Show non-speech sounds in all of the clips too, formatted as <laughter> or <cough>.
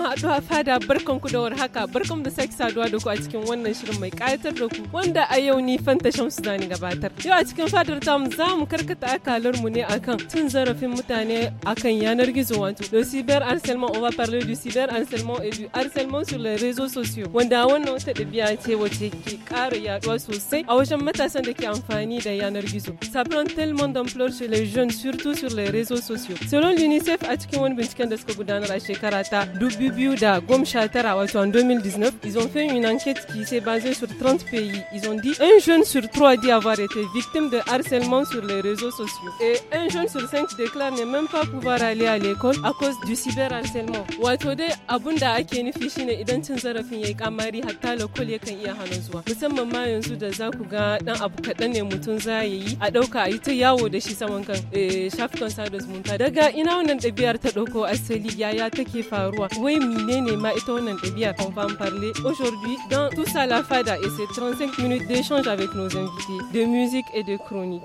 mu a fada barkanku da haka barkan da sake saduwa da ku a cikin wannan shirin mai ƙayatar da ku wanda a yau ni fanta shamsu na ni gabatar. Yau a cikin fadar ta za mu karkata akalar mu ne akan tun zarafin mutane akan yanar gizo wato da cyber harcèlement on va parler du cyber harcèlement et du harcèlement sur les réseaux sociaux wanda wannan wata ɗabi'a ce wacce ke ƙara yaɗuwa sosai a wajen matasan da ke amfani da yanar gizo. Ça prend tellement d'ampleur chez les jeunes surtout sur les réseaux sociaux. Selon l'UNICEF a cikin wani binciken da suka gudanar a shekara ta dubu en 2019, ils ont fait une enquête qui s'est basée sur 30 pays. Ils ont dit un jeune sur trois dit avoir été victime de harcèlement sur les réseaux sociaux. Et un jeune sur cinq déclare ne même pas pouvoir aller à l'école à cause du cyberharcèlement. Wato dai abun da ake nufi shine idan cin zarafin yayi kamari hatta lokol yakan iya hana zuwa. Musamman ma yanzu da za ku ga dan abu kaɗan ne mutum za yi a dauka a yi ta yawo da shi saman kan eh, shafukan sada zumunta. Daga ina wannan dabiyar ta dauko asali yaya take faruwa? Wai qu'on va en parler aujourd'hui dans Tout ça la Fada et ces 35 minutes d'échange avec nos invités de musique et de chronique.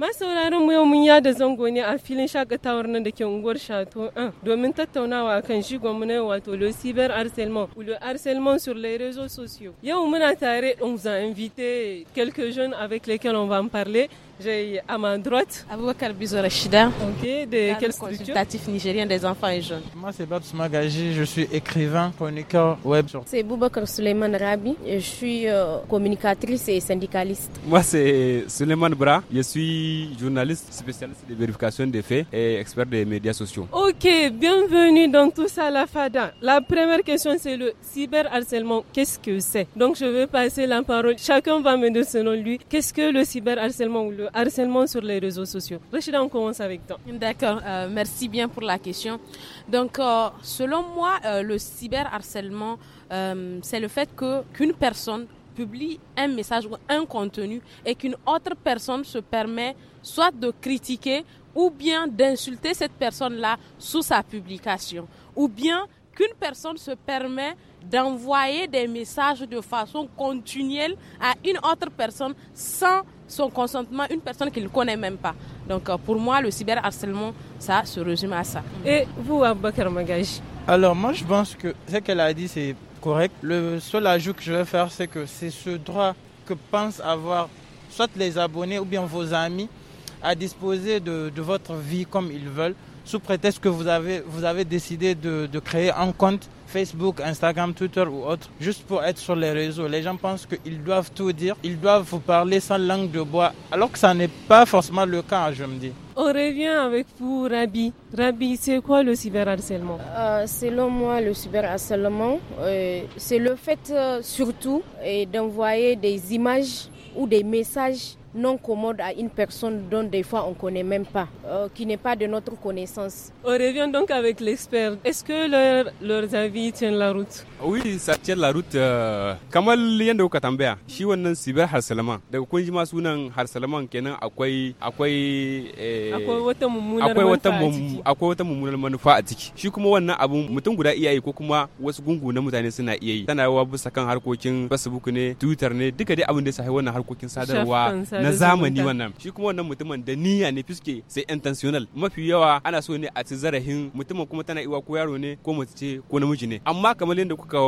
masauraran mu yau mun ya da zango ne a filin shakatawar nan da ke unguwar Chateau 1 domin tattaunawa kan shi mu na wato le cyber harcèlement ou le harcèlement sur les réseaux sociaux. Yau muna tare on vous a invité quelques jeunes avec lesquels on va en parler j'ai à ma droite. Aboubakar Bizorachida. Ok, de quelle consultatif nigérien des enfants et jeunes. Moi, c'est Babs Magaji, je suis écrivain, chroniqueur web. C'est Boubacar Suleiman Rabi, je suis euh, communicatrice et syndicaliste. Moi, c'est Suleiman Bra, je suis journaliste spécialiste de vérification des faits et expert des médias sociaux. Ok, bienvenue dans tout ça, la FADA. La première question, c'est le cyberharcèlement. Qu'est-ce que c'est Donc, je vais passer la parole. Chacun va me donner selon lui, qu'est-ce que le cyberharcèlement ou le harcèlement sur les réseaux sociaux. Rachida, on commence avec toi. D'accord, euh, merci bien pour la question. Donc, euh, selon moi, euh, le cyberharcèlement, c'est le fait que qu'une personne publie un message ou un contenu et qu'une autre personne se permet soit de critiquer ou bien d'insulter cette personne-là sous sa publication, ou bien qu'une personne se permet d'envoyer des messages de façon continuelle à une autre personne sans son consentement, une personne qu'il ne connaît même pas. Donc euh, pour moi, le cyberharcèlement, ça se résume à ça. Et vous, Abakar Magaj Alors moi, je pense que ce qu'elle a dit, c'est correct. Le seul ajout que je vais faire, c'est que c'est ce droit que pensent avoir soit les abonnés ou bien vos amis à disposer de, votre vie comme ils veulent, sous prétexte que vous avez, vous avez décidé de, de créer un compte Facebook, Instagram, Twitter ou autre, juste pour être sur les réseaux. Les gens pensent qu'ils doivent tout dire, ils doivent vous parler sans langue de bois, alors que ça n'est pas forcément le cas, je me dis. On revient avec vous, Rabi. Rabi, c'est quoi le cyberharcèlement euh, Selon moi, le cyberharcèlement, euh, c'est le fait euh, surtout d'envoyer des images ou des messages non commode à une personne dont des fois on ne connaît même pas, euh, qui n'est pas de notre connaissance. On revient donc avec l'expert. Est-ce que leurs avis tiennent la route Oui, ça tient la route. Euh, Kamal yadda kuka tambaya, shi wannan sibar harsalama daga kun ji ma sunan harsalama kenan akwai akwai eh, akwai wata mummunar akwai wata akwai wata mummunar manufa a ciki. Shi kuma wannan abu mutum guda iya yi ko kuma wasu gungu na mutane suna iya Tana yawa bisa kan harkokin Facebook ne, Twitter ne, duka dai abin da ya sahi wannan harkokin sadarwa na zamani wannan shi kuma wannan mutumin da niyya ne fiske sai intentional mafi yawa ana so ne a ci zarahin mutumin kuma tana iwa ko yaro ne ko mace ce ko namiji ne amma kamar yadda kuka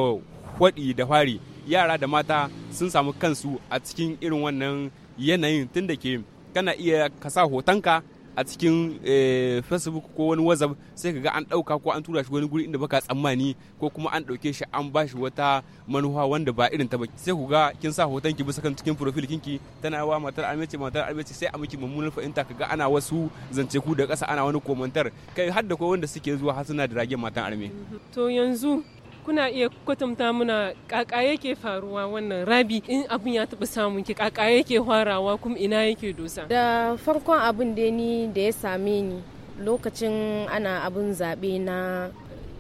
hwaɗi da fari yara da mata sun samu kansu a cikin irin wannan yanayin tun da ke kana iya kasa hotonka a cikin eh, facebook ko wani whatsapp sai ka ga an ɗauka ko an tura shi wani guri inda baka tsammani ko kuma an ɗauke shi an ba shi wata manuwa wanda ba irin ta ba sai ku ga kin sa hoton ki bisa kan cikin profile kinki tana wa matar amince matar amince sai a miki mummunar fahimta ka ga ana wasu zance ku da ƙasa ana wani komantar kai har da ko wanda suke zuwa har suna da ragen matan arme to yanzu kuna iya kwatanta muna kaka yake faruwa wannan rabi in abin ya taɓa samun ki kaka yake farawa kuma ina yake dosa da farkon abin da ni da ya same ni lokacin ana abin zaɓe na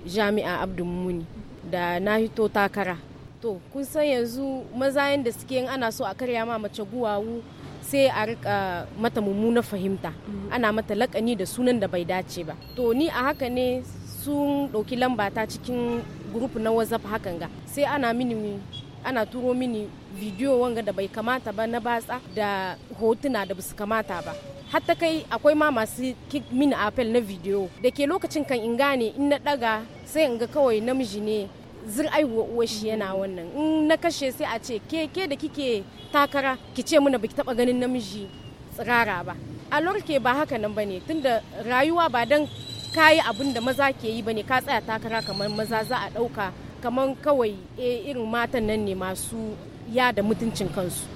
jami'a Abdul muni da na hito takara to kun san yanzu maza yadda suke yin ana so a karya ma mace guwawu sai a rika mata mummuna fahimta mm. ana mata lakani da sunan da bai dace ba to ni a haka ne sun ɗauki lambata cikin group na whatsapp hakan ga sai ana mini ana turo mini bidiyo wanga da bai kamata ba na batsa da hotuna da basu kamata ba hatta kai akwai ma masu mini apel na bidiyo da ke lokacin kan in gane in na daga sai in ga kawai namiji ne zir aiwa uwa shi yana wannan in na kashe sai a ce ke da kike takara ki ce muna baki taba ganin namiji tsirara ba a lorke ba haka nan bane tunda rayuwa ba dan ka yi abin da maza ke yi bane ka tsaya takara kamar maza za a ɗauka kamar kawai eh, irin matan nan ne masu ya da mutuncin kansu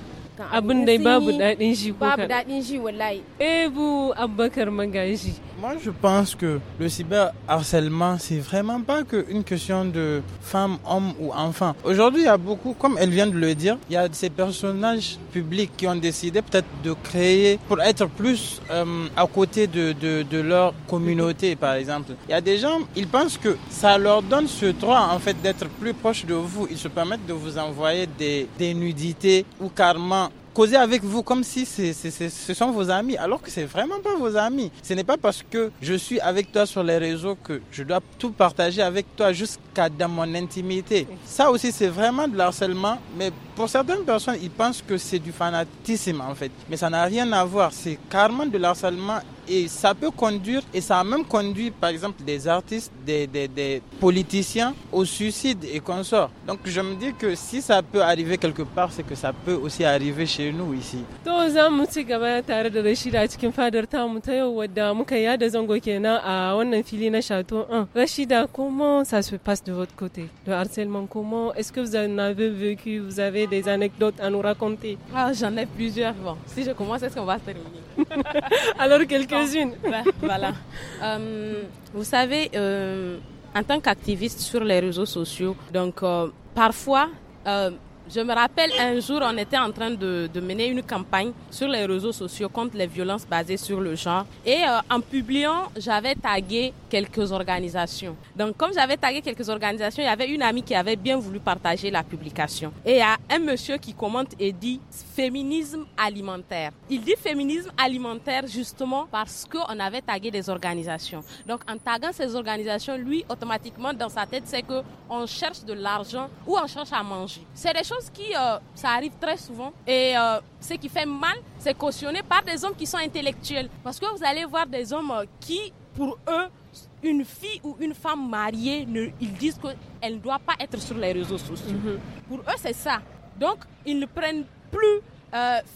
abin dai babu daɗin shi babu daɗin shi wallahi ebu eh, abubakar mangashi Moi, je pense que le cyberharcèlement, c'est vraiment pas qu'une question de femme, homme ou enfants. Aujourd'hui, il y a beaucoup, comme elle vient de le dire, il y a ces personnages publics qui ont décidé peut-être de créer pour être plus euh, à côté de, de, de, leur communauté, par exemple. Il y a des gens, ils pensent que ça leur donne ce droit, en fait, d'être plus proche de vous. Ils se permettent de vous envoyer des, des nudités ou carrément causer avec vous comme si c'est ce sont vos amis, alors que c'est vraiment pas vos amis. Ce n'est pas parce que je suis avec toi sur les réseaux que je dois tout partager avec toi jusqu'à dans mon intimité. Ça aussi, c'est vraiment de l'harcèlement, mais pour certaines personnes, ils pensent que c'est du fanatisme en fait. Mais ça n'a rien à voir, c'est carrément de l'harcèlement et ça peut conduire, et ça a même conduit par exemple des artistes, des, des, des politiciens au suicide et consorts. Donc je me dis que si ça peut arriver quelque part, c'est que ça peut aussi arriver chez nous ici. Rachida, comment ça se passe de votre côté Le harcèlement, comment Est-ce que vous en avez vécu Vous avez des anecdotes à nous raconter ah, J'en ai plusieurs. Bon, si je commence, est-ce qu'on va terminer <laughs> Alors, quelqu'un bah, <laughs> voilà. Euh, vous savez, euh, en tant qu'activiste sur les réseaux sociaux, donc euh, parfois, je me rappelle un jour, on était en train de, de, mener une campagne sur les réseaux sociaux contre les violences basées sur le genre. Et euh, en publiant, j'avais tagué quelques organisations. Donc, comme j'avais tagué quelques organisations, il y avait une amie qui avait bien voulu partager la publication. Et il y a un monsieur qui commente et dit féminisme alimentaire. Il dit féminisme alimentaire justement parce qu'on avait tagué des organisations. Donc, en taguant ces organisations, lui, automatiquement, dans sa tête, c'est que on cherche de l'argent ou on cherche à manger. C'est des choses qui, euh, ça arrive très souvent. Et euh, ce qui fait mal, c'est cautionné par des hommes qui sont intellectuels. Parce que vous allez voir des hommes euh, qui, pour eux, une fille ou une femme mariée, ils disent qu'elle ne doit pas être sur les réseaux sociaux. Mhm. Pour eux, c'est ça. Donc, ils ne prennent plus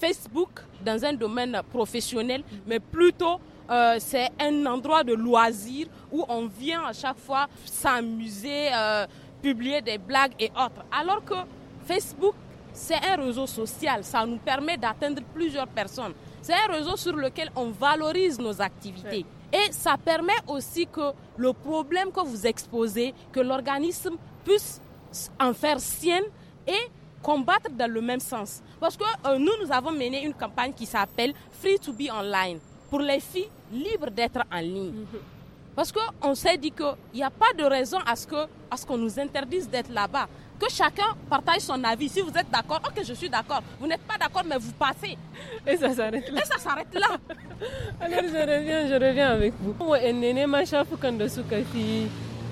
Facebook dans un domaine professionnel, mhm. mais plutôt c'est un endroit de loisir où on vient à chaque fois s'amuser, publier des blagues et autres. Alors que Facebook, c'est un réseau social. Ça nous permet d'atteindre plusieurs personnes. C'est un réseau sur lequel on valorise nos activités. Et ça permet aussi que le problème que vous exposez, que l'organisme puisse en faire sienne et combattre dans le même sens. Parce que euh, nous, nous avons mené une campagne qui s'appelle Free to be online, pour les filles libres d'être en ligne. Mhm. Parce qu'on s'est dit qu'il n'y a pas de raison à ce qu'on nous interdise d'être là-bas que chacun partage son avis. Si vous êtes d'accord, ok, je suis d'accord. Vous n'êtes pas d'accord, mais vous passez. Et ça s'arrête là. Et ça s'arrête là. <laughs> Alors je reviens, je reviens avec vous.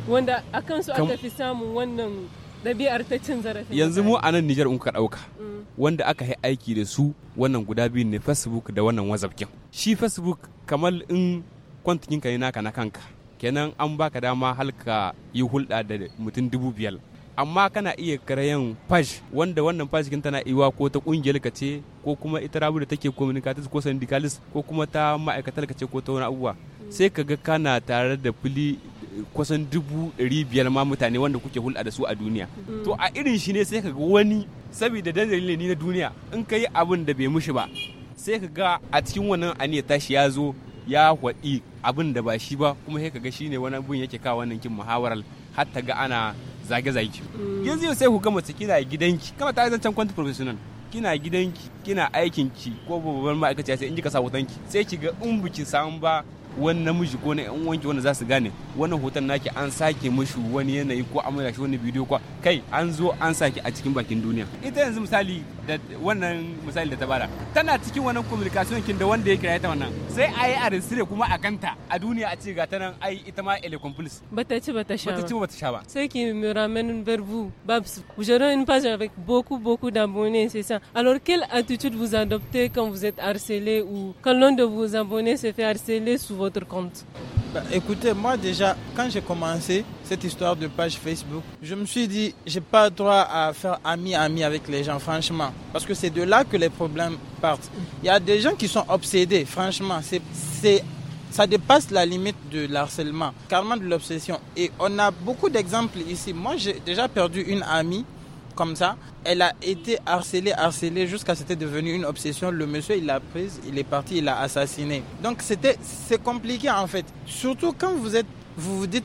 wanda a kansu aka fi wannan ta cin zarafi yanzu mu a nan Nijar muka ɗauka mm. wanda aka yi aiki da su wannan guda biyu ne Facebook da wannan WhatsApp shi Facebook kamar in kwantikin ka ne naka na kanka kenan an baka dama halka yi hulɗa da mutum dubu biyar amma kana iya karayan page wanda wannan page kin tana iwa ko ta kungiyar ka ce ko kuma ita rabu da take communicatis ko syndicalist ko kuma ta ma'aikatar ka ce ko ta wani abubuwa sai ka ga kana tare da fili kusan dubu ɗari biyar ma mutane wanda kuke hulɗa da su a duniya mm. to a irin shi ne sai ka ga wani saboda dandalin ne na duniya in ka yi abin da bai mushi ba sai ka ga a cikin wannan aniyar tashi ya zo ya waɗi abin da ba shi ba kuma sai ka ga shine wani abin yake kawo wannan kin muhawarar hatta ga ana zage-zage mm. yanzu yau sai ku gama kina gidanki kama ta zancen kwanta professional kina gidanki kina aikinki ko babban ma'aikaci sai in ji ka sa hotonki sai ki ga in biki samu ba wani namiji ko na yan wanki wanda za su gane wannan hoton naki an sake mushi wani yanayi ko an shi wani bidiyo kai an zo an sake a cikin bakin duniya ita yanzu misali da wannan misali da ta bada tana cikin wannan communication kin da wanda yake rayata wannan sai ai yi a risire kuma a kanta a duniya a ce ga ta nan ai ita ma ele complice bata ci bata sha bata ci bata sha ba sai qui me ramène vers vous Babs vous aurez une page avec beaucoup beaucoup d'abonnés c'est ça alors quelle attitude vous adoptez quand vous êtes harcelé ou quand l'un de vos abonnés se fait harceler sous votre compte bah, écoutez moi déjà quand j'ai commencé cette histoire de page Facebook. Je me suis dit, j'ai pas droit à faire ami-ami avec les gens, franchement. Parce que c'est de là que les problèmes partent. Il y a des gens qui sont obsédés, franchement. C'est ça dépasse la limite de l'harcèlement, carrément de l'obsession. Et on a beaucoup d'exemples ici. Moi, j'ai déjà perdu une amie comme ça. Elle a été harcelée, harcelée jusqu'à ce que c'était devenu une obsession. Le monsieur, il l'a prise, il est parti, il l'a assassiné. Donc, c'était, c'est compliqué en fait. Surtout quand vous êtes, vous vous dites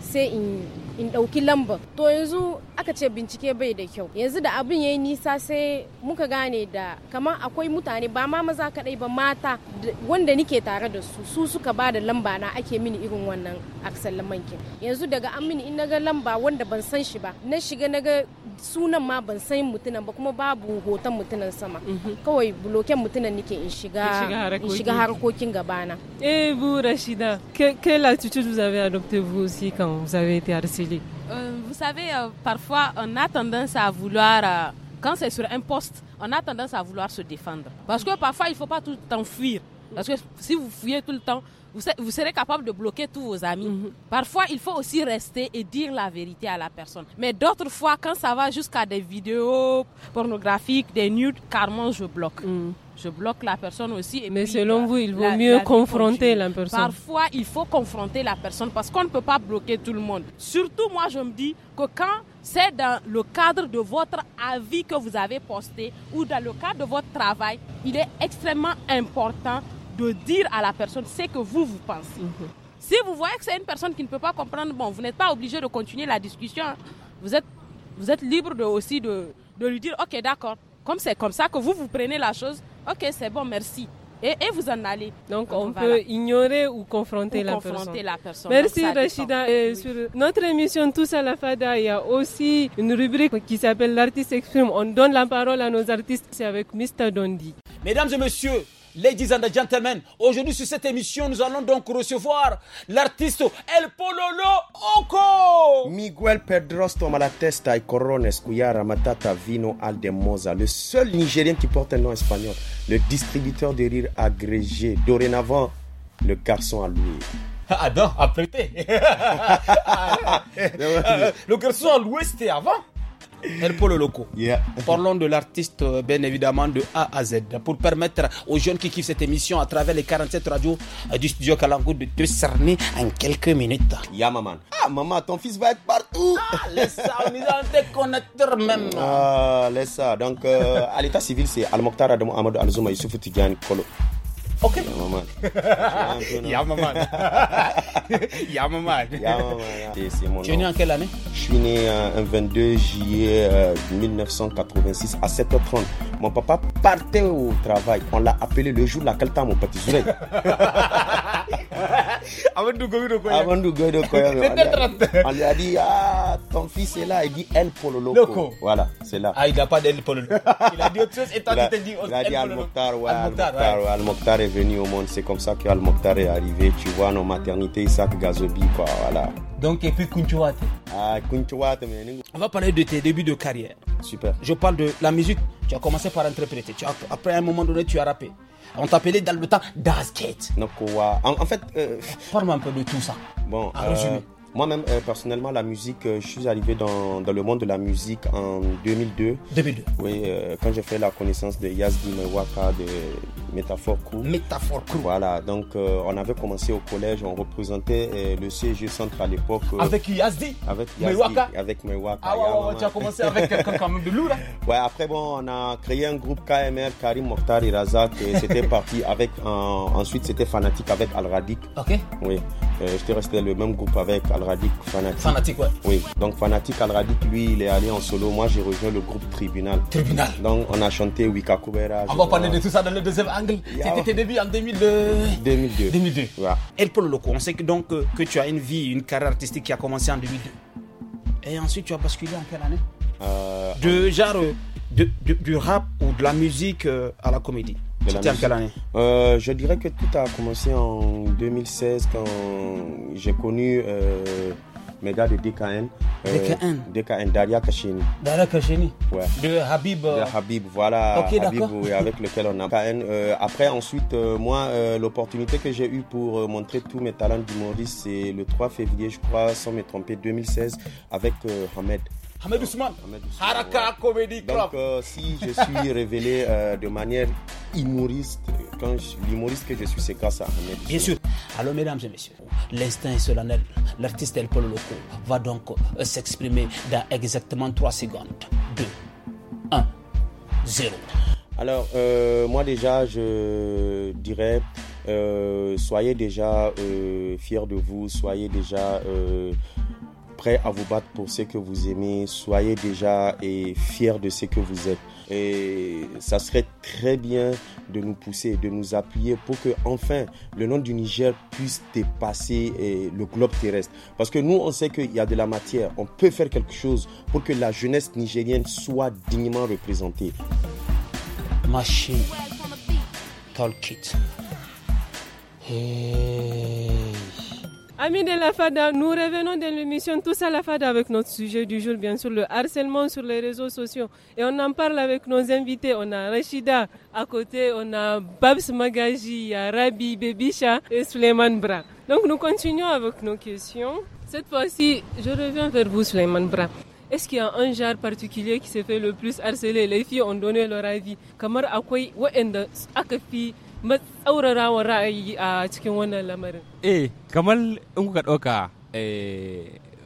声音。in ɗauki lamba to yanzu aka ce bincike bai da kyau yanzu da abin yayi nisa sai muka gane da kamar akwai mutane ba ma maza kadai ba mata wanda nike tare da su su suka ba da lamba na ake mini irin wannan aksal lamankin yanzu daga an mini in naga lamba wanda ban san shi ba na shiga naga sunan ma ban san mutunan ba kuma babu hoton mutunan sama mhm. kawai bloken mutunan nike in shiga in shiga harkokin gabana eh rashida ke la tutu vous avez adopté vous aussi quand vous avez été Euh, vous savez, euh, parfois, on a tendance à vouloir, euh, quand c'est sur un poste, on a tendance à vouloir se défendre. Parce que parfois, il ne faut pas tout le temps fuir. Parce que si vous fuyez tout le temps, vous, serez capable de bloquer tous vos amis. Mhm. Parfois, il faut aussi rester et dire la vérité à la personne. Mais d'autres fois, quand ça va jusqu'à des vidéos pornographiques, des nudes, carrément, je bloque. Mhm je bloque la personne aussi. Mais selon euh, vous, il vaut mieux confronter la personne. Parfois, il faut confronter la personne parce qu'on ne peut pas bloquer tout le monde. Surtout, moi, je me dis que quand c'est dans le cadre de votre avis que vous avez posté ou dans le cadre de votre travail, il est extrêmement important de dire à la personne ce que vous, vous pensez. Mhm. Si vous voyez que c'est une personne qui ne peut pas comprendre, bon, vous n'êtes pas obligé de continuer la discussion. Hein. Vous êtes, vous êtes libre de, aussi de, de lui dire, OK, d'accord, comme c'est comme ça que vous, vous prenez la chose, Ok, c'est bon, merci. Et, vous en allez. Donc, on, peut ignorer ou confronter, la la, confronter la, personne. Merci Rachida. Sur notre émission Tous à la Fada, il y a aussi une rubrique qui s'appelle L'artiste exprime. On donne la parole à nos artistes. C'est avec Mr. Dondi. Mesdames et messieurs, Ladies and gentlemen, aujourd'hui sur cette émission, nous allons donc recevoir l'artiste El Pololo Oko. Miguel Pedros Malatesta y Corones Cuyara Matata Vino Aldemosa, le seul Nigérien qui porte un nom espagnol, le distributeur de rire agrégé, dorénavant le garçon à lui. <laughs> Ah non, <laughs> <laughs> le garçon à l'ouest c'était avant pour le Loco. Parlons de l'artiste, euh, bien évidemment, de A à Z, pour permettre aux jeunes qui kiffent cette émission à travers les 47 radios euh, du studio Kalangu de te cerner en quelques minutes. ya maman. Ah, maman, ton fils va être partout. Ah, laisse ça, on est tes même. Ah, laisse ça. Donc, euh, à l'état civil, c'est Al-Mokhtar Ademo Amadou Al-Zouma Youssouf Tidiane Kolo ok Yamaman. maman. Yamaman. Yamaman. Tu es né en quelle année Je suis né un 22 juillet 1986 euh, à 7h30. Mon papa partait au travail. On l'a appelé le jour de la mon petit soleil. <laughs> Avant de goyer de Avant de goyer de On lui a dit, ah, ton fils est là, il dit El Polo Loco. Loco. Voilà, c'est là. Ah, il n'a pas d'El Polo Loco. Il a dit autre chose et toi, tu t'es dit Il a dit Al-Mokhtar, Al-Mokhtar Al Al est venu au monde. C'est comme ça qu'Al-Mokhtar est arrivé. Tu vois, nos maternités, Isaac Gazobi, quoi, voilà. Donc, et puis Kunchuwate. Ah, Kunchuate, mais... On va parler de tes débuts de carrière. Super. Je parle de la musique. Tu as commencé par interpréter. Tu après, un moment donné, tu as rappé. On t'appelait dans le temps Dasket. En, en fait... forme euh, Parle-moi un peu de tout ça. Bon, en euh, moi-même, euh, personnellement, la musique, euh, je suis arrivé dans, le monde de la musique en 2002. 2002. Oui, euh, quand j'ai fait la connaissance de Yazdi Mewaka de Métaphore Crew. Métaphore Crew. Voilà, donc on avait commencé au collège, on représentait le CG Centre à l'époque. avec Yazdi Avec Mewaka Avec Mewaka. Ah ouais, tu as commencé avec <laughs> quelqu'un quand même de lourd. Ouais, après, bon, on a créé un groupe KMR, Karim Mokhtar et Razak, et c'était <laughs> parti avec, ensuite c'était Fanatique avec Al Radik. Ok. Oui, j'étais resté dans le même groupe avec Al Fanatique, Fanatique. fanatique. ouais. Oui. Donc Fanatique Al-Radik, lui, il est allé en solo. Moi, j'ai rejoint le groupe Tribunal. Tribunal. Donc on a chanté Wika On va parler de tout ça dans le deuxième angle. C'était tes débuts en 2002. 2002. 2002. Et pour le coup, on sait que, donc euh, que tu as une vie, une carrière artistique qui a commencé en 2002. Et ensuite, tu as basculé en quelle année euh, De genre euh, de, du rap ou de la musique à la comédie euh, je dirais que tout a commencé en 2016 quand j'ai connu euh, mes gars de DKN. Euh, DKN DKN, Daria Kachini. Daria Kachini Ouais. De Habib. De Habib, voilà. Habib, oui, avec lequel on a. après, ensuite, moi, l'opportunité que j'ai eue pour montrer tous mes talents d'humoriste, c'est le 3 février, je crois, sans me tromper, 2016, avec Hamed. Ahmed Ousmane, Haraka Comedy Club. Donc, euh, si je suis <laughs> révélé euh, de manière humoriste, quand l'humoriste que je suis, c'est grâce à Hamed Ousmane. Bien sûr. Alors, mesdames et messieurs, l'instinct est solennel. L'artiste El Polo Loco va donc euh, s'exprimer dans exactement 3 secondes. 2, 1, 0. Alors, moi déjà, je dirais euh, soyez déjà euh, fiers de vous, soyez déjà euh, prêt à vous battre pour ce que vous aimez, soyez déjà et fiers de ce que vous êtes. Et ça serait très bien de nous pousser, de nous appuyer pour que enfin le nom du Niger puisse dépasser le globe terrestre. Parce que nous, on sait qu'il y a de la matière, on peut faire quelque chose pour que la jeunesse nigérienne soit dignement représentée. Machine, Talk Amis de la FADA, nous revenons dans l'émission Tous à la FADA avec notre sujet du jour, bien sûr, le harcèlement sur les réseaux sociaux. Et on en parle avec nos invités. On a Rachida à côté, on a Babs Magaji, Rabi Bebisha et Suleiman Bra. Donc nous continuons avec nos questions. Cette fois-ci, je reviens vers vous, Suleiman Bra. Est-ce qu'il y a un genre particulier qui se fait le plus harceler Les filles ont donné leur avis. Kamar matsaurara wa ra'ayi a cikin wannan lamarin eh kamar in kuka ɗauka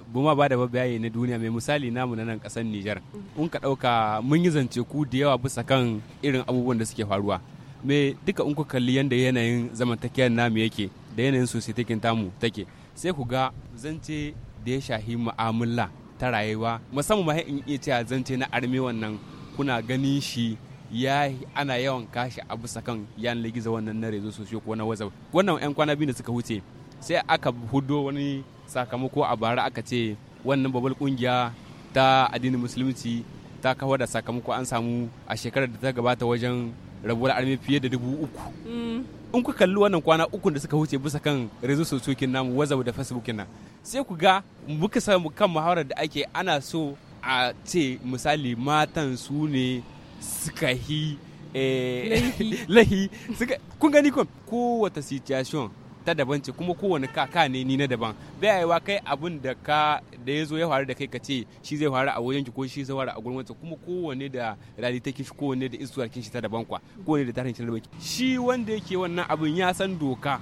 buma eh, ba da babayaye na duniya mai misali namu na nan kasar Nijar. Mm. In ka ɗauka mun yi zance ku da yawa bisa kan irin abubuwan da suke faruwa. Me duka in kuka kalli yadda yanayin zamantakiyar namu yake da yanayin sosai tamu take sai ku ga zance da ya shahi mu'amala ta rayuwa musamman ma in iya cewa zance na arme wannan kuna ganin shi ya ana yawan kashi a bisa kan yanar gizo wannan na rezo sosio ko na wazau wannan yan kwana biyu da suka wuce sai aka hudo wani sakamako a bara aka ce wannan babal kungiya ta addinin musulunci ta kawo da sakamako an samu a shekarar da ta gabata wajen rabuwar armi fiye da dubu uku mm. in ku kalli wannan kwana uku da suka wuce bisa kan rezo sosiokin namu wazau da facebook na sai ku ga muka samu kan muhawarar da ake ana so a ce misali matan su ne suka hi eh, lahi <laughs> suka kun gani kun kowata situation ta daban ce kuma kowane kaka ne ni na daban bai aiwa kai abin da ka da ya zo ya faru da kai ka ce shi zai faru a wajen ki ko shi zai faru a gurin wancan kuma kowane da realita kin shi kowane da isuwar kin shi ta daban kwa kowane da tarihin shi daban shi wanda yake wannan abin ya san doka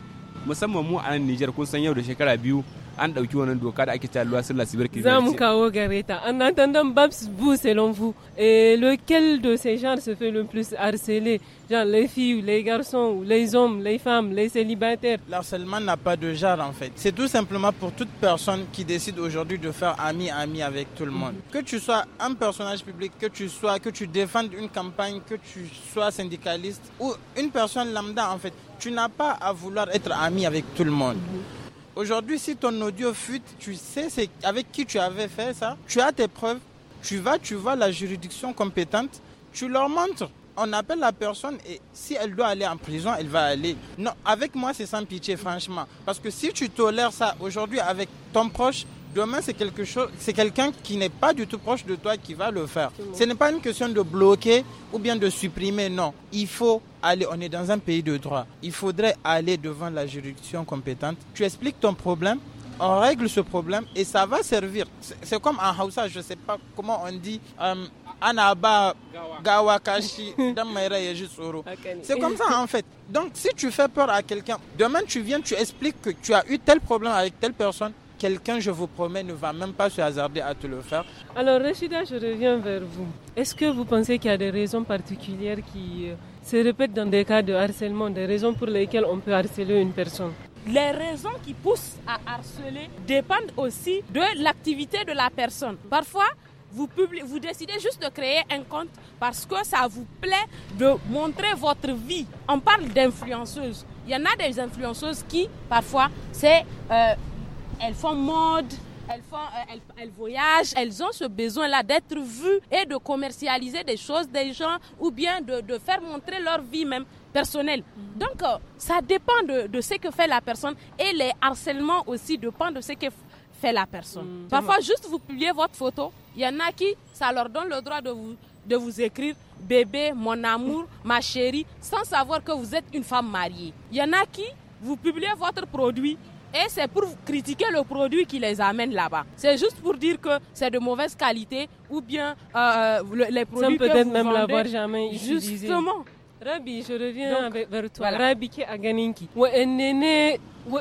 musamman mu a nan Nijar kun san yau da shekara biyu en attendant babs selon vous lequel de ces genres se fait le plus harceler genre les filles les garçons les hommes les femmes les célibataires l'harcèlement n'a pas de genre en fait c'est tout simplement pour toute personne qui décide aujourd'hui de faire ami ami avec tout le monde que tu sois un personnage public que tu sois que tu défendes une campagne que tu sois syndicaliste ou une personne lambda en fait tu n'as pas à vouloir être ami avec tout le monde Aujourd'hui, si ton audio fuite, tu sais avec qui tu avais fait ça. Tu as tes preuves. Tu vas, tu vois la juridiction compétente. Tu leur montres. On appelle la personne et si elle doit aller en prison, elle va aller. Non, avec moi, c'est sans pitié, franchement. Parce que si tu tolères ça aujourd'hui avec ton proche, Demain, c'est quelque chose, c'est quelqu'un qui n'est pas du tout proche de toi qui va le faire. Ce n'est pas une question de bloquer ou bien de supprimer, non. Il faut aller, on est dans un pays de droit. Il faudrait aller devant la juridiction compétente. Tu expliques ton problème, on règle ce problème et ça va servir. C'est comme en Hausa, je ne sais pas comment on dit. Euh, Anaba Gawakashi <laughs> C'est comme ça en fait. Donc si tu fais peur à quelqu'un, demain tu viens, tu expliques que tu as eu tel problème avec telle personne, quelqu'un, je vous promets, ne va même pas se hasarder à te le faire. Alors, Rachida, je reviens vers vous. Est-ce que vous pensez qu'il y a des raisons particulières qui euh, se répètent dans des cas de harcèlement, des raisons pour lesquelles on peut harceler une personne les raisons qui poussent à harceler dépendent aussi de l'activité de la personne. Parfois, vous, vous décidez juste de créer un compte parce que ça vous plaît de montrer votre vie. On parle d'influenceuses. Il y en a des influenceuses qui, parfois, c'est euh, elles font mode, elles, font, euh, elles, elles, voyagent, elles ont ce besoin-là d'être vues et de commercialiser des choses des gens ou bien de, de faire montrer leur vie même personnelle. Mhm. Donc, euh, ça dépend de, de, ce que fait la personne et les harcèlements aussi dépendent de ce que fait la personne. Mhm. Parfois, juste vous publiez votre photo, il y en a qui, ça leur donne le droit de vous, de vous écrire bébé, mon amour, ma chérie, sans savoir que vous êtes une femme mariée. Il y en a qui, vous publiez votre produit, et c'est pour critiquer le produit qui les amène là-bas. C'est juste pour dire que c'est de mauvaise qualité ou bien euh, euh le, les produits Sans peut-être même l'avoir jamais utilisé. Justement. Rabi, je reviens avec, vers toi. Rabbi, Rabi qui a gagné qui.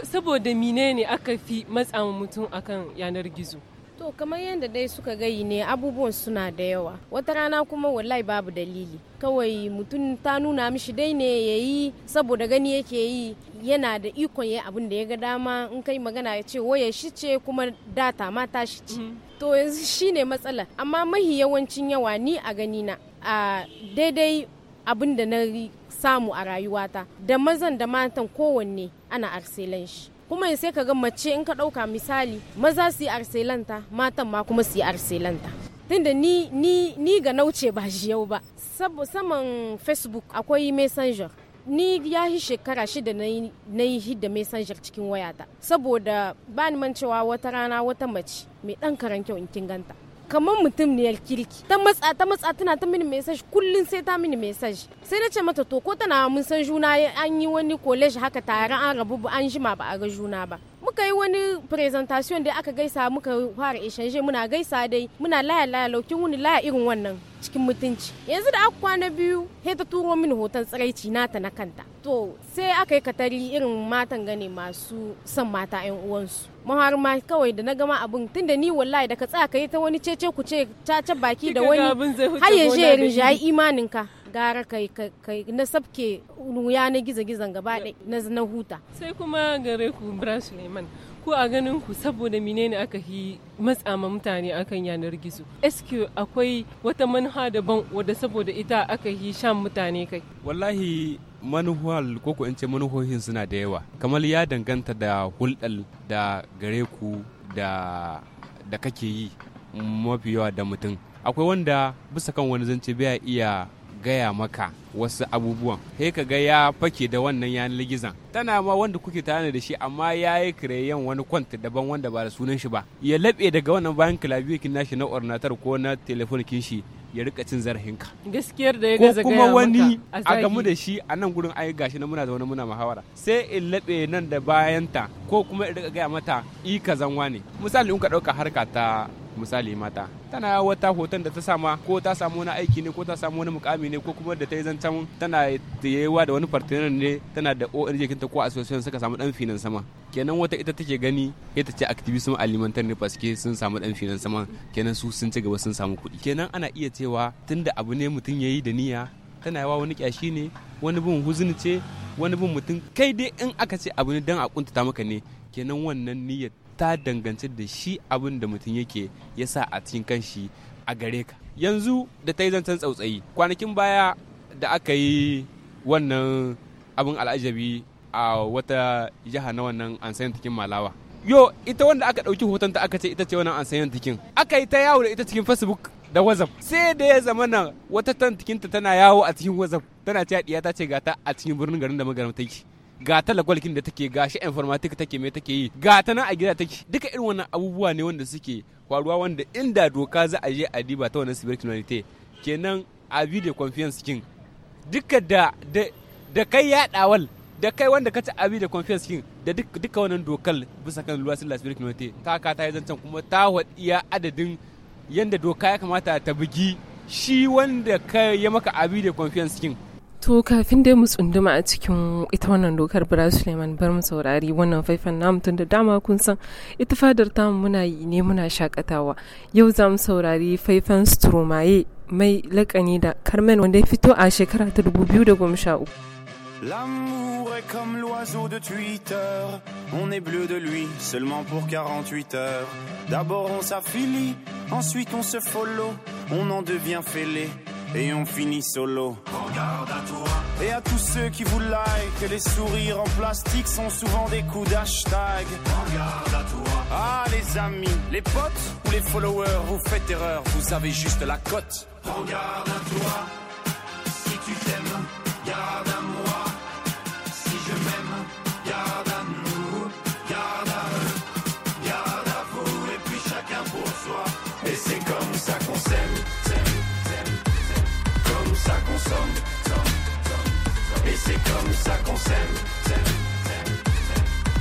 Saboda mine ne aka fi matsa mutum akan yanar gizo. To kamar yadda dai suka gayi ne abubuwan suna da yawa. Wata rana kuma wallahi babu dalili. Kawai mutum ta nuna mishi dai ne ya yi saboda gani yake yi yana da ikon ya abin da ya ga dama in kai magana ya ce waya shi ce kuma data ma ta shi ce. Mm-hmm. To yanzu shi ne matsala. Amma mahi yawancin yawa ni a gani na a daidai abin da na samu a rayuwata da mazan da matan kowanne ana arselan shi. kuma sai ka ga mace in ka ɗauka misali maza su yi arselanta matan ma kuma su yi arselanta tunda ni ni ni ga nauce ba yau ba saman facebook akwai messenger ni ya yi shekara shida na yi hidda messenger cikin wayata saboda ba ni man cewa wata rana wata mace mai ɗan karan kyau in kin ganta kamar mutum ne kirki ta matsa ta matsa tana ta mini message kullun sai ta mini message sai na ce mata to ko tana mun san juna an yi wani college haka tare an rabu an jima ba a ga juna ba muka yi wani presentation da aka gaisa muka fara ishanje muna gaisa dai muna laya laya laukin wani laya irin wannan cikin mutunci yanzu da aka kwana biyu sai ta turo mini hoton tsiraici nata na kanta to sai aka yi katari irin matan gane masu son mata yan uwansu mahar ma kawai da na gama abin tunda ni wallahi da ka tsaya ka yi ta wani cece ku ce caca baki da wani har ya imaninka gara kai kai na sabke wuya na gizo-gizon gaba na na huta sai kuma gare ku bra suleiman ku a ganin ku saboda menene aka yi matsa ma mutane akan yanar gizo eske akwai wata manha daban wadda saboda ita aka yi shan mutane kai wallahi manuhal ko ku ce manuhohin suna da yawa kamar ya danganta da hulɗar da gare ku da da kake yi mafi yawa da mutum akwai wanda bisa kan wani zance baya iya gaya maka wasu abubuwan sai ka ga ya fake da wannan yanar gizon tana ma wanda kuke tare da shi amma ya yi kireyen wani kwanta daban wanda ba da sunan shi ba ya laɓe daga wannan bayan kilabiyokin nashi na ornatar ko na telefon shi ya rika cin zarafinka gaskiyar da ya gaza kuma wani a gamu da shi a nan gurin ayi gashi na muna zaune muna muhawara sai in laɓe nan da bayanta ko kuma in rika gaya mata i kazan wane misali in ka ɗauka harka ta misali mata tana wata hoton da ta sama ko ta samu wani aiki ne ko ta samu wani mukami ne ko kuma da ta yi zancen tana yayewa da wani partner ne tana da ONG kinta ko association suka samu dan finan sama kenan wata ita take gani ita ce activism alimentar ne paske sun samu dan finan sama kenan su sun ci gaba sun samu kuɗi kenan ana iya cewa tunda abu ne mutum yayi da niyya tana yawa wani kyashi ne wani bin huzuni ce wani bin mutum kai dai in aka ce abu ne dan a kuntata maka ne kenan wannan niyyar ta danganci da shi abin da mutum yake ya sa a cikin kanshi a gare ka yanzu da ta yi zancen tsautsayi kwanakin baya da aka yi wannan abin al'ajabi a wata jiha na wannan ansayin tikin malawa yo ita wanda aka ɗauki hotonta aka ce ita ce wannan ansayin tikin aka yi ta yawo da ita cikin facebook da wazaf sai da ya zama na wata tantikinta tana yawo a cikin wazaf tana cewa ta ce gata a cikin birnin garin da magaram take ga talagwalkin da take ga shi informatik take me take yi ga ta nan a gida take duka irin wannan abubuwa ne wanda suke faruwa wanda inda doka za a je a diba ta wannan cyber criminality kenan a video conference kin duka da da kai yaɗawal da kai wanda ka ci abi da confess king da duka wannan dokal bisa kan luwasin las birik note ta ka ta yi zancen kuma ta ya adadin yanda doka ya kamata ta bugi shi wanda ka ya maka abi da confess king To kafin dai mu tsunduma a cikin ita wannan dokar Bira Suleiman bar mu saurari wannan faifan namu tun da dama kun san ita fadar tamu muna yi ne muna shakatawa. Yau za mu saurari faifan stromaye mai lakani da Carmen wanda ya fito a shekara ta 2013. L'amour est comme l'oiseau de Twitter, on est bleu de lui seulement pour 48 heures. D'abord on s'affilie, ensuite on se follow, on en devient fêlé et on finit solo. Regarde à toi. Et à tous ceux qui vous like, les sourires en plastique sont souvent des coups d'hashtag. Regarde à toi. Ah les amis, les potes ou les followers, vous faites erreur, vous avez juste la cote. Regarde à toi.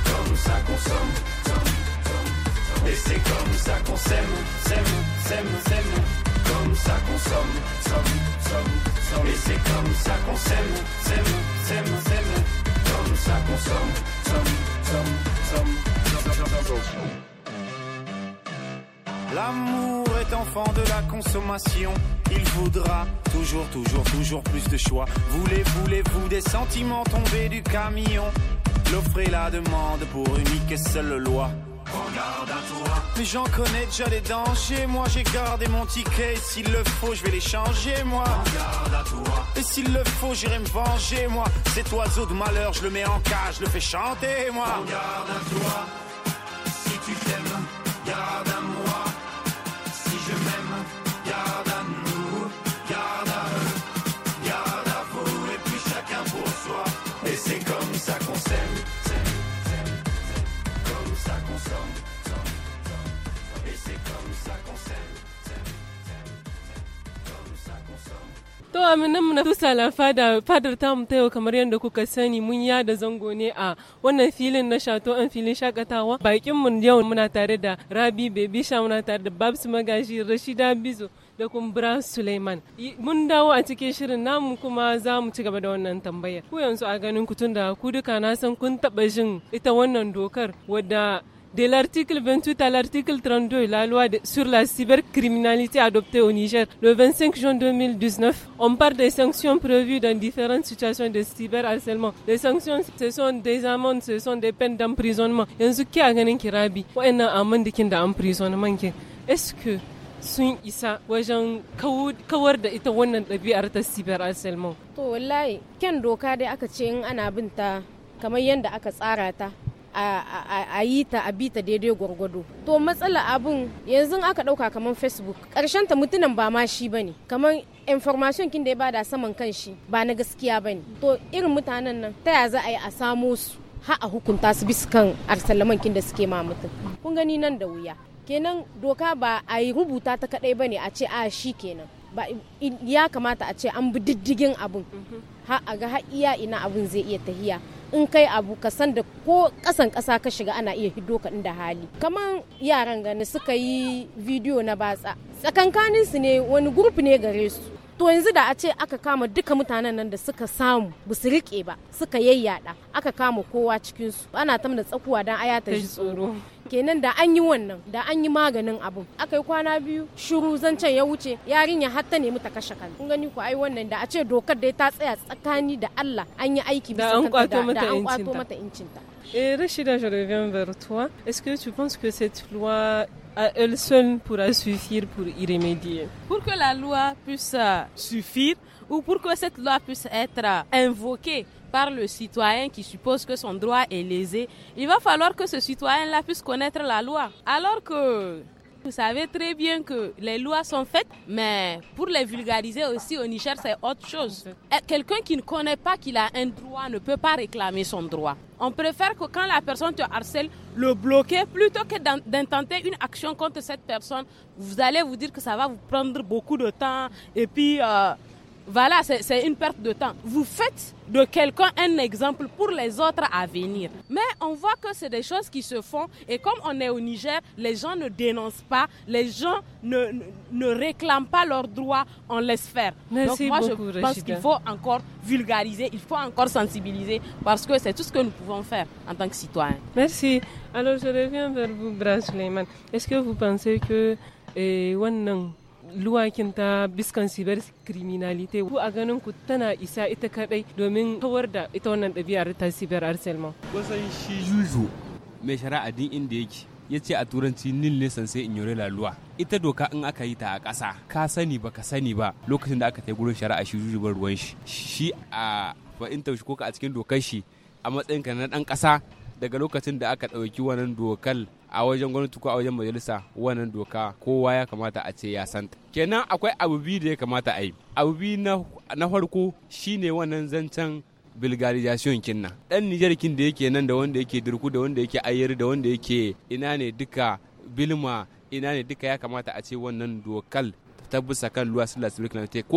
Comme ça consomme comme ça consomme, Et c'est comme ça qu'on s'aime, s'aime, s'aime, comme ça consomme, somme, somme, somme, somme. Et c'est comme ça qu'on s'aime, s'aime, s'aime, comme ça consomme, somme, somme, L'amour est enfant de la consommation. Il voudra toujours, toujours, toujours plus de choix. Voulez, voulez-vous des sentiments tombés du camion L'offre et la demande pour unique et seule loi. Regarde à toi. Mais j'en connais déjà les dangers. Moi j'ai gardé mon ticket. S'il le faut, je vais les changer, moi. Regarde à toi. Et s'il le faut, j'irai me venger, moi. Cet oiseau de malheur, je le mets en cage, je le fais chanter, moi. Regarde à toi. Si tu t'aimes. nan mu na tusala fada fadar ta mu tayo kamar yadda kuka sani mun da zango ne a wannan filin na shato an filin shakatawa bakin mu yau muna tare da Rabi Baby Sha muna tare da Babs Magaji Rashida Bizo da kumbura Suleiman. Mun dawo a cikin shirin namu kuma za mu ci gaba da wannan tambayar. Ku yanzu a ganin ku tun da ku duka na san kun taba jin ita wannan dokar wadda de l'article 28 à l'article 32, la loi sur la cybercriminalité adoptée au Niger le 25 juin 2019, on parle des sanctions prévues dans différentes situations de cyberharcèlement. Les sanctions, ce sont des amendes, ce sont des peines d'emprisonnement. a Est-ce que sun isa wajen kawar da ita wannan ɗabi'ar ta cyberharcèlement? To wallahi, ce in ana kamar aka a yi ta a bi ta daidai gwargwado to matsala abun yanzu aka ɗauka kamar facebook Karshen ta mutunan ba ma shi bane kamar information kin da ya bada saman kan shi ba na gaskiya bane to irin mutanen nan ta ya za a yi a samo su ha a hukunta su bisa kan arsalaman kin da suke ma mutum kun gani nan da wuya kenan doka ba a yi rubuta ta kadai bane a ce a shi kenan ba ya kamata a ce an bi diddigin abun mm-hmm. ha a ga har iya ina abun zai iya tahiya in kai abu ka san da ko kasan kasa ka shiga ana iya hido ka inda hali kaman yaran gani suka yi bidiyo na batsa tsakankanin su ne wani gurfi ne gare su to yanzu da a ce aka kama duka mutanen nan da suka samu ba su rike ba suka yayyada aka kama kowa cikin su ana ta da tsakuwa dan aya ta tsoro kenan da an yi wannan da an yi maganin abun aka yi kwana biyu shiru zancen ya wuce yarinya har ta nemi ta kashe kan kun gani ku ai wannan da a ce dokar dai ta tsaya tsakani da Allah an yi aiki bisa da an kwato mata incinta Et Rachida, je reviens vers toi. Est-ce que tu penses que cette loi à elle seule pourra suffire pour y remédier Pour que la loi puisse euh, suffire ou pour que cette loi puisse être euh, invoquée par le citoyen qui suppose que son droit est lésé, il va falloir que ce citoyen-là puisse connaître la loi. Alors que vous savez très bien que les lois sont faites, mais pour les vulgariser aussi au Niger, c'est autre chose. Euh, quelqu'un qui ne connaît pas qu'il a un droit ne peut pas réclamer son droit. On préfère que quand la personne te harcèle, le bloquer plutôt que d'intenter une action contre cette personne. Vous allez vous dire que ça va vous prendre beaucoup de temps et puis euh, voilà, c'est une perte de temps. Vous faites de quelqu'un un exemple pour les autres à venir. Mais on voit que c'est des choses qui se font et comme on est au Niger, les gens ne dénoncent pas, les gens ne, ne, réclament pas leurs droits, on laisse faire. Merci Donc moi beaucoup, je pense qu'il faut encore vulgariser, il faut encore sensibiliser parce que c'est tout ce que nous pouvons faire en tant que citoyens. Merci. Alors je reviens vers vous, Bras Est-ce que vous pensez que eh, luwakin ta biskan siber criminality ku a ganin ku tana isa ita kadai domin kawar da ita wannan ɗabi'ar ta siber harcèlement kusan shi juju mai shari'a din inda yake ya ce a turanci nil ne sanse in la loi ita doka in aka yi ta a ƙasa ka sani ba ka sani ba lokacin da aka ta gurin shari'a shi juju bar ruwan shi shi a fa'intar taushe ko ka a cikin dokar shi a matsayin ka na ɗan ƙasa daga lokacin da aka ɗauki wannan dokar a wajen gwamnati ko a wajen majalisa wannan doka kowa ya kamata a ce ya santa kenan akwai abu biyu da ya kamata a yi abu biyu na farko shine wannan zancen bilgarization kinna. dan nijar kin da yake nan da wanda yake dirku da wanda yake ayyar da wanda yake ina ne duka bilma ina ne duka ya kamata a ce wannan dokal ta bisa kan luwa sula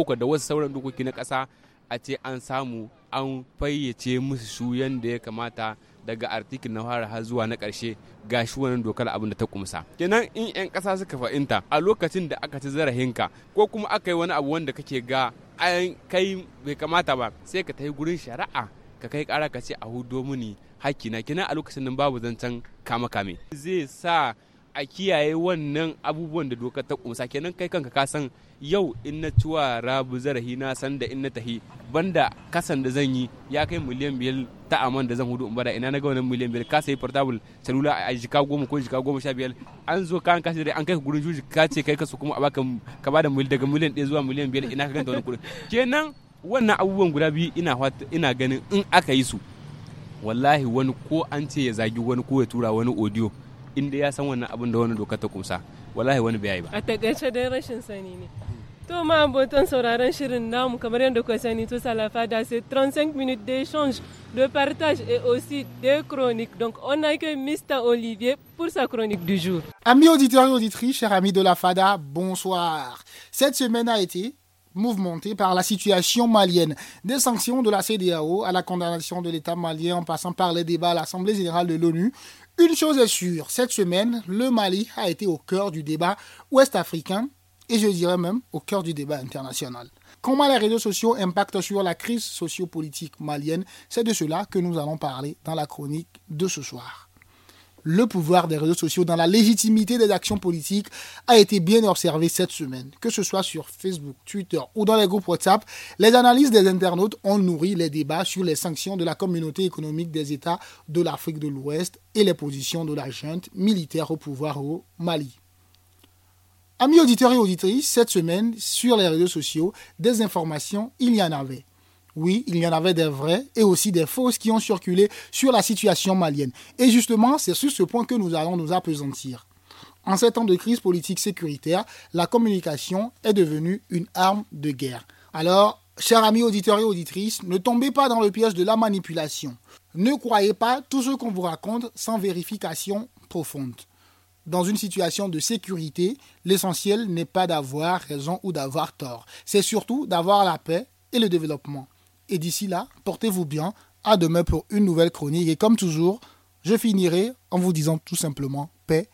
ko da wasu sauran dokoki na kasa a ce an samu an fayyace musu su yanda ya kamata daga artikin na fara har zuwa na karshe ga shi wannan dokar abin da ta kumsa kenan in 'yan kasa suka fa'inta a lokacin da aka ci zarahinka ko kuma aka yi wani abu wanda kake ga ayan kai bai kamata ba sai ka tafi gurin shari'a ka kai kara ka ce a hudo mini hakina kenan a lokacin nan babu zancen kama kame zai sa a kiyaye wannan abubuwan da doka ta kumsa kenan kai kanka ka san yau in na ciwa rabu zarahi na san da in na tahi banda kasan da zan yi ya kai miliyan biyar ta aman da zan hudu in bada ina na ga wannan miliyan biyar ka sayi portable salula a jika goma ko jika goma sha biyar an zo kayan kashi da an kai gurin juji ka ce kai ka su kuma a baka ka bada daga miliyan ɗaya zuwa miliyan biyar ina ka ganta wani kuɗin kenan wannan abubuwan guda biyu ina ina ganin in aka yi su wallahi wani ko an ce ya zagi wani ko ya tura wani audio ma c'est 35 minutes d'échange, de partage et aussi de chroniques. Donc on accueille Mr Olivier pour sa chronique du jour. Amis auditeurs et auditrices, chers amis de la Fada, bonsoir. Cette semaine a été mouvementée par la situation malienne. Des sanctions de la CDAO à la condamnation de l'État malien en passant par les débats à l'Assemblée générale de l'ONU une chose est sûre, cette semaine, le Mali a été au cœur du débat ouest-africain et je dirais même au cœur du débat international. Comment les réseaux sociaux impactent sur la crise sociopolitique malienne, c'est de cela que nous allons parler dans la chronique de ce soir le pouvoir des réseaux sociaux dans la légitimité des actions politiques a été bien observé cette semaine. Que ce soit sur Facebook, Twitter ou dans les groupes WhatsApp, les analyses des internautes ont nourri les débats sur les sanctions de la communauté économique des États de l'Afrique de l'Ouest et les positions de la junte militaire au pouvoir au Mali. Amis auditeurs et auditrices, cette semaine, sur les réseaux sociaux, des informations, il y en avait. Oui, il y en avait des vraies et aussi des fausses qui ont circulé sur la situation malienne. Et justement, c'est sur ce point que nous allons nous appesantir. En ces temps de crise politique sécuritaire, la communication est devenue une arme de guerre. Alors, chers amis auditeurs et auditrices, ne tombez pas dans le piège de la manipulation. Ne croyez pas tout ce qu'on vous raconte sans vérification profonde. Dans une situation de sécurité, l'essentiel n'est pas d'avoir raison ou d'avoir tort, c'est surtout d'avoir la paix et le développement. Et d'ici là, portez-vous bien. À demain pour une nouvelle chronique. Et comme toujours, je finirai en vous disant tout simplement paix,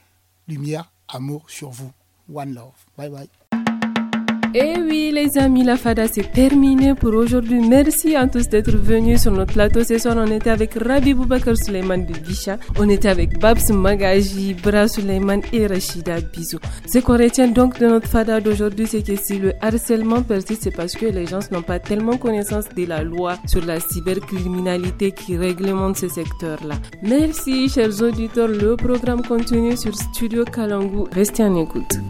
lumière, amour sur vous. One love. Bye bye. Et eh oui, les amis, la fada, c'est terminé pour aujourd'hui. Merci à tous d'être venus sur notre plateau. Ce soir, on était avec Rabibou Boubakar Suleiman de Bisha. On était avec Babs Magaji, Bra Suleiman et Rachida Bisou. Ce qu'on retient donc de notre fada d'aujourd'hui, c'est que si le harcèlement persiste, c'est parce que les gens n'ont pas tellement connaissance de la loi sur la cybercriminalité qui réglemente ce secteur-là. Merci, chers auditeurs. Le programme continue sur Studio Kalangu. Restez en écoute.